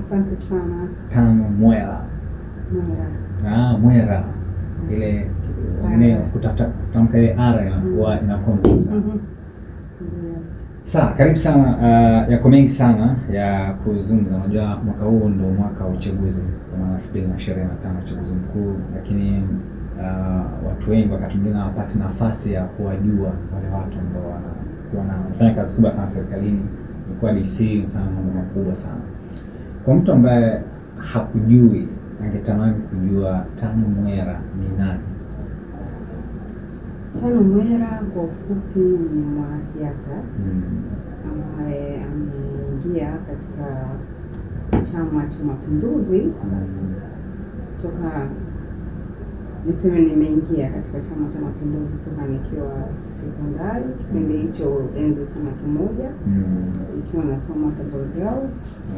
Asante sana. Tano mwera mwera, ah, mwera. ile eneo kutafuta kutamka ile ara inakuwa mm-hmm. inakuwa ngumu sana. Mm-hmm. Sawa, karibu sana. Uh, yako mengi sana ya kuzungumza. Unajua mwaka huu ndio mwaka wa uchaguzi kwa maana elfu mbili na ishirini na tano uchaguzi mkuu, lakini uh, watu wengi wakati mwingine hawapati nafasi ya kuwajua wale watu ambao wanafanya kazi kubwa sana serikalini, mkuu wa DC mfano mambo makubwa sana kwa mtu ambaye hakujui angetamani kujua Tanu Mwera ni nani? Tanu Mwera kwa ufupi ni mwanasiasa hmm. ambaye ameingia katika Chama cha Mapinduzi mm, toka niseme nimeingia katika Chama cha Mapinduzi toka nikiwa sekondari, kipindi mm. hicho enzi chama kimoja mm. ikiwa nasoma Tabora Girls,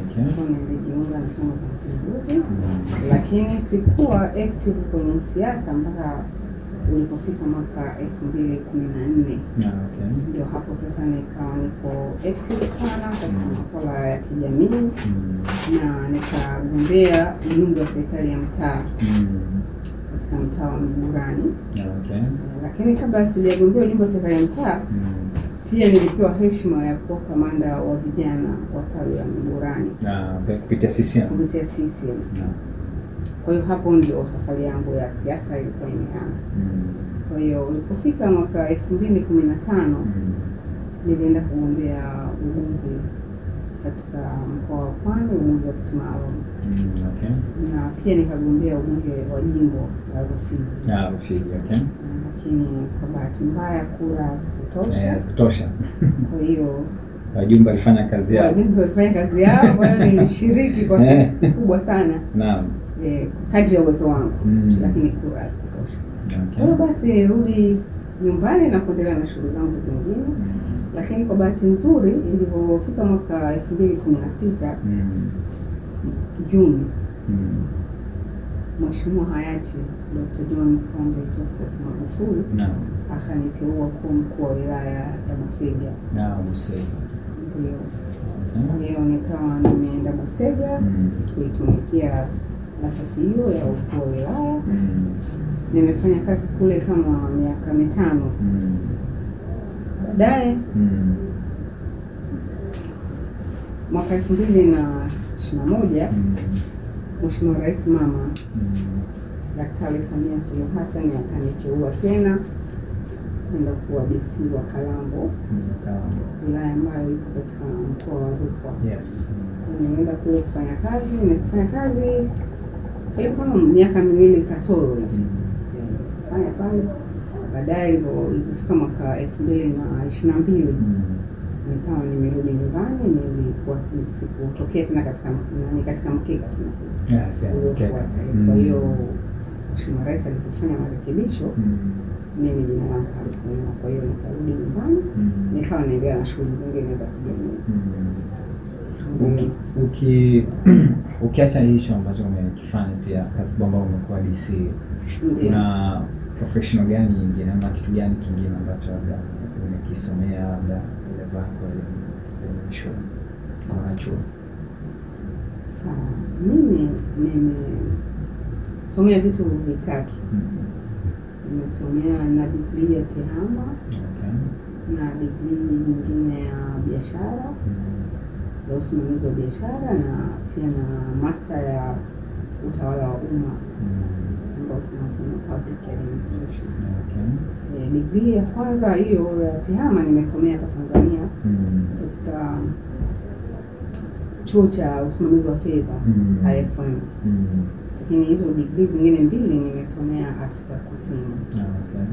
nilijiunga na Chama cha Mapinduzi, mm. lakini sikuwa active kwenye siasa mpaka ulipofika mwaka elfu mbili kumi na nne ah, ndio hapo sasa nikawa niko active sana katika masuala ya kijamii na nikagombea ujumbe wa serikali ya mtaa mm katika mtaa wa Mgurani. Ah, okay. Eh, lakini kabla sijagombea jimbo serikali ya mtaa mm. pia nilipewa heshima ya kuwa kamanda wa vijana wa tawi la Mgurani ah, kupitia CCM. Kupitia CCM. Ah. Kwa hiyo hapo ndio safari yangu ya siasa ilikuwa imeanza. Hmm. Kwa hiyo ulipofika mwaka elfu mbili kumi na tano hmm. nilienda kugombea ubunge katika mkoa wa Pwani ubunge wa viti maalum mm, na pia nikagombea ubunge wa jimbo la Rufiji ah, mm, Lakini kwa bahati mbaya kura zikutosha eh, zikutosha, kwa hiyo wajumbe walifanya kazi yao, wajumbe walifanya kazi yao. Kwa hiyo nilishiriki kwa eh. kiasi kikubwa sana naam, eh, kadri ya uwezo wangu mm. Lakini kura zikutosha okay. Kwa hiyo basi nirudi nyumbani na kuendelea na shughuli zangu zingine mm lakini kwa bahati nzuri nilipofika mwaka elfu mbili kumi na sita Juni Mheshimiwa hayati Dr. John Pombe Joseph Magufuli no. akaniteua kuwa mkuu wa wilaya ya Masega ndio hiyo nikawa nimeenda Masega mm. kuitumikia nafasi hiyo ya ukuu wa wilaya mm. nimefanya kazi kule kama miaka mitano mm baadaye mm. mwaka elfu mbili na ishirini na moja mm. Rais Mama hmm. Daktari mm. Samia Suluhu Hassan akaniteua tena kwenda kuwa DC wa Kalambo hmm, wilaya mm. ambayo iko katika mkoa wa Rukwa. Yes. Nimeenda kule kufanya kazi, nikufanya kazi ilikuwa miaka miwili kasoro hivi hmm. fanya pale baadaye ilivyofika mwaka elfu mbili na ishirini na mbili mm. nikawa nimerudi nyumbani, nilikuwa sikutokea tena katika nani, katika mkeka tunasema ah, uliofuata. Kwa mm. hiyo Mheshimiwa Rais alipofanya marekebisho, mm. mimi jina langu halikuwa, kwa hiyo nikarudi nyumbani, nikawa naendelea na shughuli zingine za kijamii. Ukiacha hicho ambacho umekifanya, pia kazi kubwa umekuwa DC na professional gani ndio, na kitu gani kingine ambacho labda umekisomea labda ile vako ile mwisho kwa chuo? Sawa, mimi nimesomea vitu vitatu. Mm-hmm. Nimesomea na degree ya tehama na degree nyingine ya biashara mm-hmm. ya usimamizi wa biashara na pia na master ya utawala wa umma. Mm-hmm both nursing and public administration. Okay. E, degree ya kwanza hiyo ya TEHAMA nimesomea hapa Tanzania mm katika um, chuo cha usimamizi wa fedha mm IFM mm lakini hizo degree zingine mbili nimesomea Afrika Kusini. Ah, okay.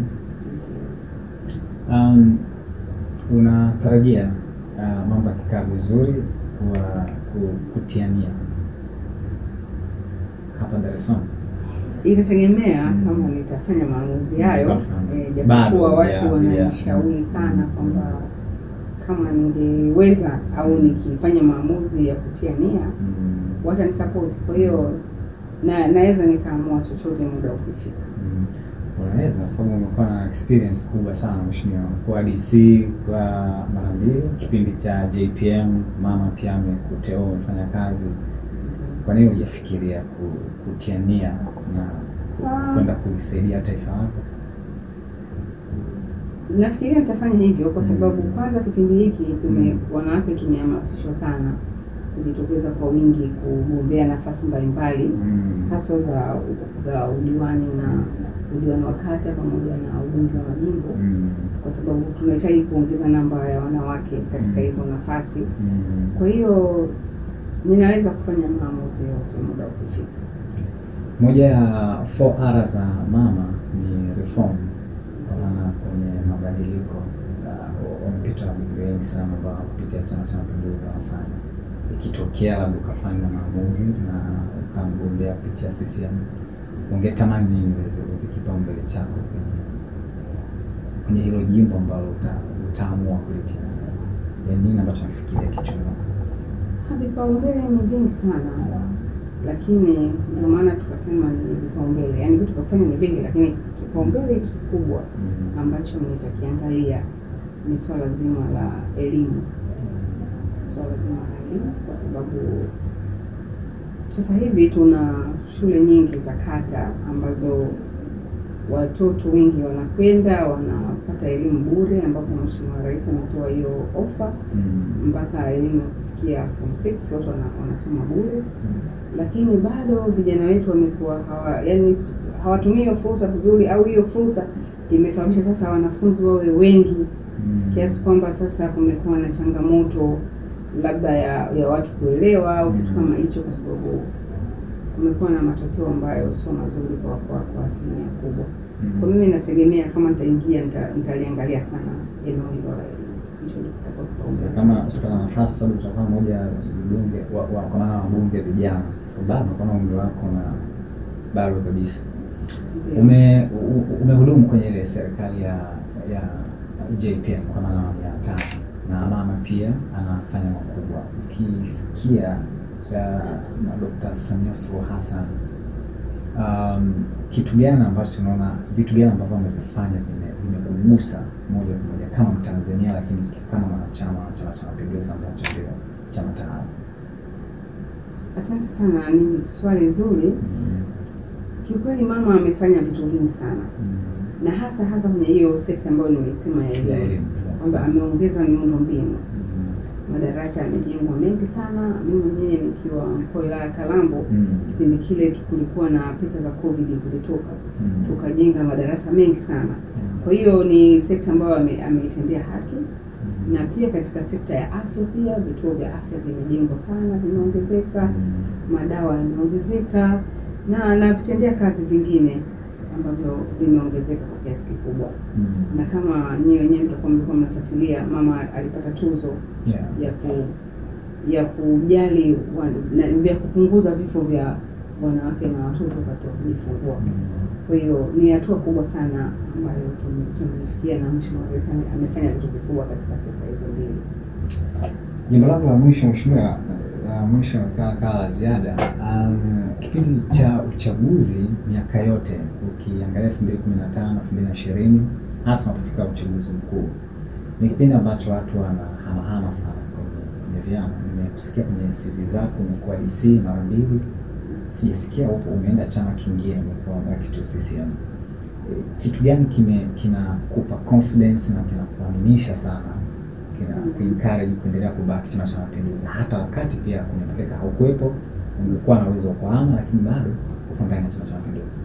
Um, unatarajia uh, mambo yakikaa vizuri wa kutiania hapa Dar es Salaam Itategemea mm. kama nitafanya maamuzi hayo, eh, japokuwa watu wananishauri sana kwamba kama ningeweza au nikifanya maamuzi ya kutia nia mm. watanisapoti. Kwa hiyo na- naweza nikaamua chochote muda ukifika. Mm. Unaweza kwa sababu umekuwa na experience kubwa sana mheshimiwa, kwa DC kwa mara mbili kipindi cha JPM mama pia amekuteua umefanya kazi. Kwa nini hujafikiria kutiania na kwenda kulisaidia taifa lako? Nafikiria nitafanya hivyo kwa mm. sababu kwanza, kipindi hiki tume mm. wanawake tumehamasishwa sana kujitokeza kwa wingi kugombea nafasi mbalimbali mm. haswa za za udiwani na udiwani wa kata pamoja na ubunge wa majimbo, kwa sababu tunahitaji kuongeza namba ya wanawake katika hizo nafasi. Kwa hiyo ninaweza kufanya maamuzi yote muda ukifika. Moja ya 4R za mama ni reform, kwa maana kwenye mabadiliko uh, wamepita wabunge wengi sana ambao kupitia Chama cha Mapinduzi wanafanya. Ikitokea labda ukafanya maamuzi na ukamgombea kupitia CCM, ungetamani nini uweze kipaumbele chako kwenye hilo jimbo ambalo utaamua kulitia? Yaani nini ambacho nakifikiria kichwani? Vipaumbele ni vingi sana lakini ndio maana tukasema ni vipaumbele, yaani vitu tukafanya ni vingi, lakini kipaumbele kikubwa mm-hmm. ambacho nitakiangalia ni swala zima la elimu, swala zima la elimu, kwa sababu sasa hivi tuna shule nyingi za kata ambazo watoto wengi wanakwenda wanapata elimu bure, ambapo Mheshimiwa Rais ametoa hiyo ofa mm-hmm. mpaka elimu kufikia form 6 watu wanasoma bure, mm. lakini bado vijana wetu wamekuwa hawa, yani hawatumii hiyo fursa vizuri, au hiyo fursa imesababisha sasa wanafunzi wawe wengi mm. kiasi kwamba sasa kumekuwa na changamoto labda ya, ya watu kuelewa au kitu mm. kama hicho, kwa sababu kumekuwa na matokeo ambayo sio mazuri kwa kwa kwa asilimia kubwa. Kwa mimi nategemea kama nitaingia, nitaliangalia sana eneo hilo la kama tutakuwa nafasi sababu tutakuwa moja ya wa kwa maana wabunge vijana, sababu kwa umri wako na bado kabisa ume umehudumu kwenye ile serikali ya ya JPM kwa maana ya tano, na mama pia anafanya makubwa. Ukisikia na Dr. Samia Suluhu Hassan um, kitu gani ambacho unaona, vitu gani ambavyo amevifanya vimekugusa moja kwa moja kama Mtanzania, lakini kama mwanachama wa Chama cha Mapinduzi ambacho ndio chama tawala. Asante sana, ni swali zuri. mm mm-hmm. Kiukweli mama amefanya vitu vingi sana mm na hasa hasa kwenye hiyo sekta ambayo nimesema ya elimu kwamba ameongeza miundo mbinu mm-hmm. madarasa yamejengwa mengi sana. Mimi mwenyewe nikiwa mkoa wilaya ya Kalambo mm -hmm. kile kulikuwa na pesa za COVID zilitoka mm -hmm. tukajenga madarasa mengi sana kwa hiyo ni sekta ambayo ameitendea haki mm-hmm. na pia katika sekta ya afya pia vituo vya afya vimejengwa sana, vimeongezeka, mm-hmm. madawa yameongezeka na na vitendea kazi vingine ambavyo vimeongezeka kwa kiasi kikubwa mm -hmm. Na kama nyinyi wenyewe mtakuwa mlikuwa mnafuatilia, mama alipata tuzo yeah. ya ku ya kujali vya kupunguza vifo vya wanawake na watoto wakati wa kujifungua. Mm-hmm. Kwa hiyo ni hatua kubwa sana ambayo tumeifikia na Mheshimiwa amefanya vitu vikubwa katika sekta hizo mbili. Jambo lako la mwisho Mheshimiwa, mwisho kaa la ziada, um, kipindi cha uchaguzi miaka yote ukiangalia na na ishirini hasa kufika uchaguzi mkuu ni kipindi ambacho watu wanahamahama sana kwenye vyama. Nimekusikia kwenye CV zako umekuwa DC mara mbili, sijasikia upo umeenda chama kingine, umekuwa baki tu CCM kitu gani kime kinakupa confidence na kinakuaminisha sana kina kuencourage kuendelea kubaki Chama cha Mapinduzi hata wakati pia kunapeleka haukuwepo, ungekuwa na uwezo kuhama, lakini bado uko ndani ya Chama cha Mapinduzi?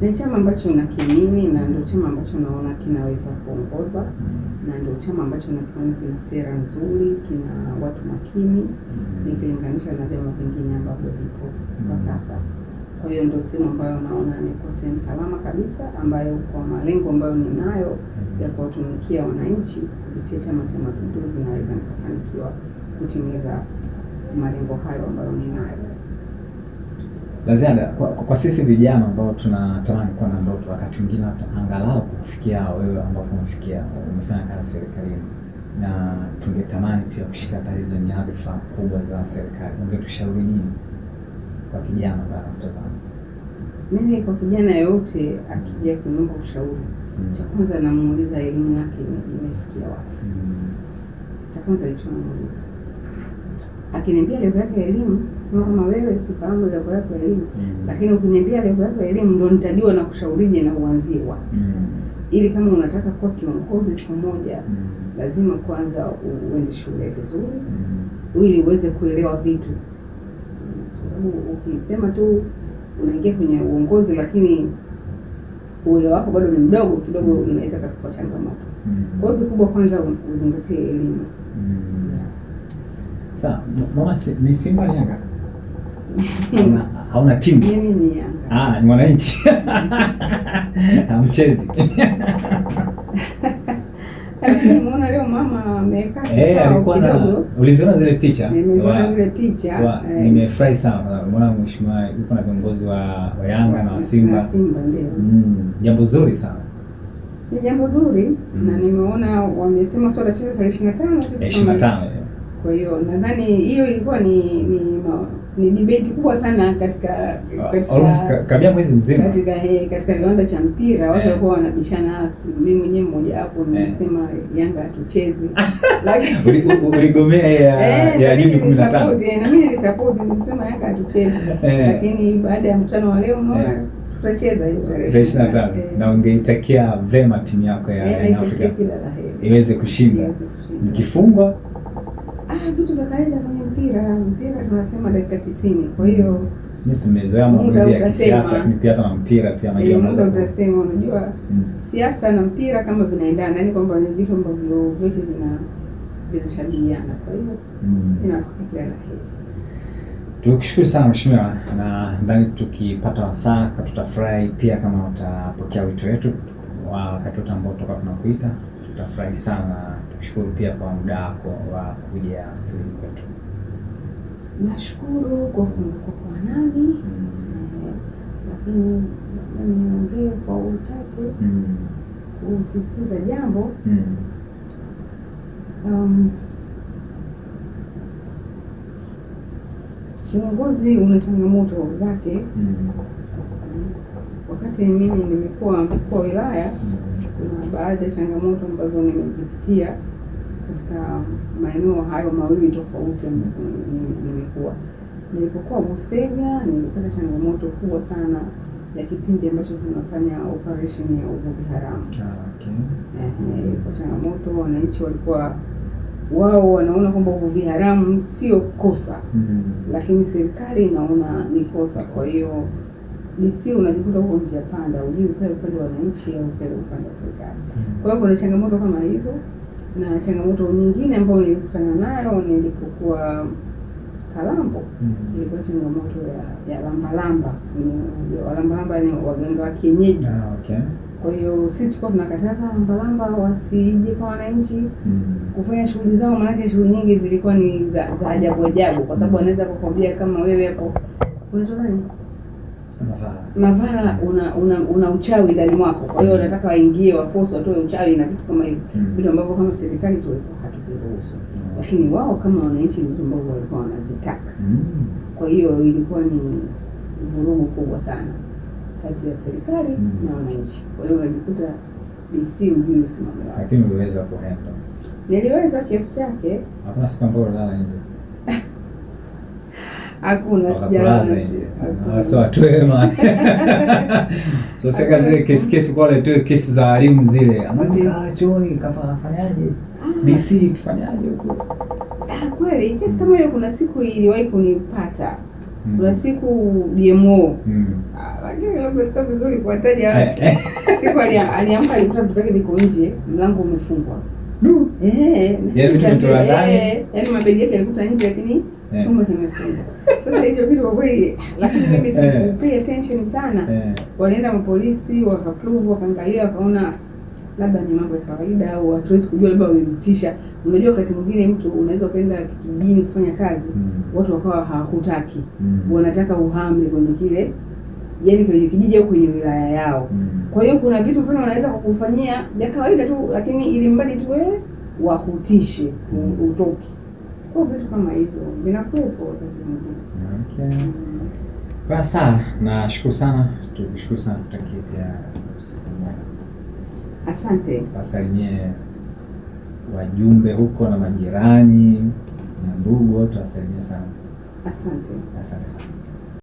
Ni chama ambacho nakiamini na ndio chama ambacho naona kinaweza kuongoza mm. na ndio chama ambacho nakiona kina sera nzuri, kina watu makini mm. nikilinganisha na vyama vingine ambavyo vipo kwa mm. sasa. Kwa hiyo ndio simu ambayo naona niko sehemu salama kabisa, ambayo kwa malengo ambayo ninayo mm. ya kuwatumikia wananchi kupitia Chama cha Mapinduzi naweza nikafanikiwa kutimiza malengo hayo ambayo ninayo. Laziada, kwa, kwa sisi vijana ambao tunatamani kuwa na ndoto wakati mwingine angalau kufikia wewe ambapo umefikia, umefanya kazi serikalini na tungetamani pia kushika hata hizo nyadhifa kubwa za serikali, ungetushauri nini? kwa kijana ambaye anatazama? Mimi kwa kijana yoyote akija kuniomba ushauri, mm. cha kwanza namuuliza elimu yake imefikia wapi. Mm. Cha kwanza hicho namuuliza. Akiniambia level yake ya elimu, kama wewe sifahamu level yako ya elimu, mm. lakini ukiniambia levo yako ya elimu ndio nitajua na kushaurije na uanzie wapi ili kama unataka kuwa kiongozi siku moja, lazima kwanza uende shule vizuri, ili uweze kuelewa vitu sababu ukisema tu unaingia kwenye uongozi, lakini uelewa wako bado ni mdogo kidogo, inaweza kakupa changamoto. Mm. Kwa hiyo kikubwa kwanza uzingatie elimu. Mm. Sasa mama, ni Simba ni Yanga? Hauna timu? Mimi ni Yanga. Ah, ni mwananchi. Hamchezi. Nimeona leo mama ameweka eh, alikuwa na uliziona zile picha, eh, nimeziona zile picha, eh. nimefurahi sana. Nimeona mheshimiwa yuko na viongozi wa wa Yanga na wa Simba, Simba ndio mm, jambo zuri sana, ni jambo zuri mm. na nimeona wamesema swala cheza tarehe 25 25 kwa hiyo nadhani hiyo ilikuwa ni ni ma, ni debate kubwa sana katika ah, katika kabia mwezi mzima katika he, eh, katika viwanda cha mpira watu eh. walikuwa yeah. wanabishana. Mimi mwenyewe mmoja wapo nimesema yeah. Yanga hatuchezi lakini uligomea ya ya juni 15 na mimi ni support nimesema Yanga hatuchezi yeah. Eh, lakini baada ya mtano wa leo unaona yeah. tutacheza hiyo tarehe 25 yeah. na ungeitakia vema timu yako ya yeah, Afrika iweze kushinda nikifungwa ah vitu vya kawaida mpira mpira tunasema dakika tisini. Kwa hiyo umezoea mambo ya kisiasa, lakini pia hata na mpira pia najua unaweza eh, kusema unajua mm. siasa na mpira kama vinaendana, yani kwamba ni vitu ambavyo vyote vina vinashabihiana, kwa hiyo mm. inatokea na Tukushukuru sana mheshimiwa, na ndani tukipata wasaa tutafurahi pia kama utapokea wito wetu wakati wote ambao tutakuwa tunakuita, tutafurahi sana. Tukushukuru pia kwa muda wako wa kuja studio kwetu. Nashukuru kwa kuwa nami, lakini niongee kwa uchache kusisitiza jambo uongozi um, una changamoto zake. Wakati mimi nimekuwa mkuu wa wilaya, kuna baadhi ya changamoto ambazo nimezipitia katika maeneo hayo mawili tofauti nimekuwa. Nilipokuwa Busega nilipata changamoto kubwa sana ya kipindi ambacho tunafanya operesheni ya uvuvi haramu. Ah, okay. Ilikuwa changamoto, wananchi walikuwa wao wanaona kwamba uvuvi haramu sio kosa mm -hmm. Lakini serikali inaona ni kosa. Kwa hiyo si unajikuta huko njia panda, ujui ukae upande wananchi au ukae upande wa serikali. Mm-hmm. Kwa hiyo kuna changamoto kama hizo na changamoto nyingine ambayo nilikutana nayo nilipokuwa Kalambo mm -hmm. ilikuwa changamoto ya ya lambalamba walambalamba ni waganga wa kienyeji ah, okay. Kwa hiyo sisi tulikuwa tunakataza lambalamba wasije kwa wananchi mm -hmm. kufanya shughuli zao, maanake shughuli nyingi zilikuwa ni za, za ajabu ajabu, kwa sababu mm. wanaweza kukwambia kama wewe hapo unatoka Mavara una, una, una uchawi ndani mwako, kwa hiyo unataka waingie wafosi watoe uchawi na vitu kama hivyo, mm. vitu ambavyo kama serikali tulikuwa hatukiruhusu, mm. lakini wao kama wananchi vitu ambavyo walikuwa wanavitaka. Mm. Kwa hiyo ilikuwa ni vurugu kubwa sana kati ya serikali na wananchi, kwa hiyo unajikuta DC hujui usimame, lakini uliweza kuhandle. Niliweza kiasi chake, hakuna siku ambayo ulilala nje Hakuna, sijaona. Ah, sasa wema. Sasa zile kesi kesi kwa ile tu kesi za walimu zile. Amani chooni kafanyaje? Ah. DC tufanyaje huko? Ah, kweli kesi kama hiyo kuna siku iliwahi kunipata. Hmm. Kuna siku DMO. Hmm. Ah, lakini labda vizuri kuwataja eh, wake. Eh. Siku aliamka alikuta vitu vyake viko nje, mlango umefungwa. Yaani yaani mabegi yake yalikuta nje, lakini eh. chumba kimefunga. Sasa hicho kitu kwa kweli, eh. sana. Eh. Walienda mapolisi wakaprove, wakaangalia, wakaona labda ni mambo ya kawaida au hatuwezi kujua, labda wamemtisha. Unajua, wakati mwingine mtu unaweza ukaenda kijijini kufanya kazi mm. watu wakawa hawakutaki mm. wanataka uhame kwenye kile yani kwenye kijiji au kwenye wilaya yao. Mm. Kwa hiyo kuna vitu fulani wanaweza kukufanyia vya kawaida tu, lakini ili mbali tu wewe wakutishe mm. utoke. Kwa vitu kama hivyo vinakuwepo wakati mwingine. Okay. Kwa sawa, nashukuru sana. Tukushukuru sana kutakia pia usiku mwema. Asante. Wasalimie wajumbe huko na majirani na ndugu wote, wasalimie sana. Asante. Asante sana.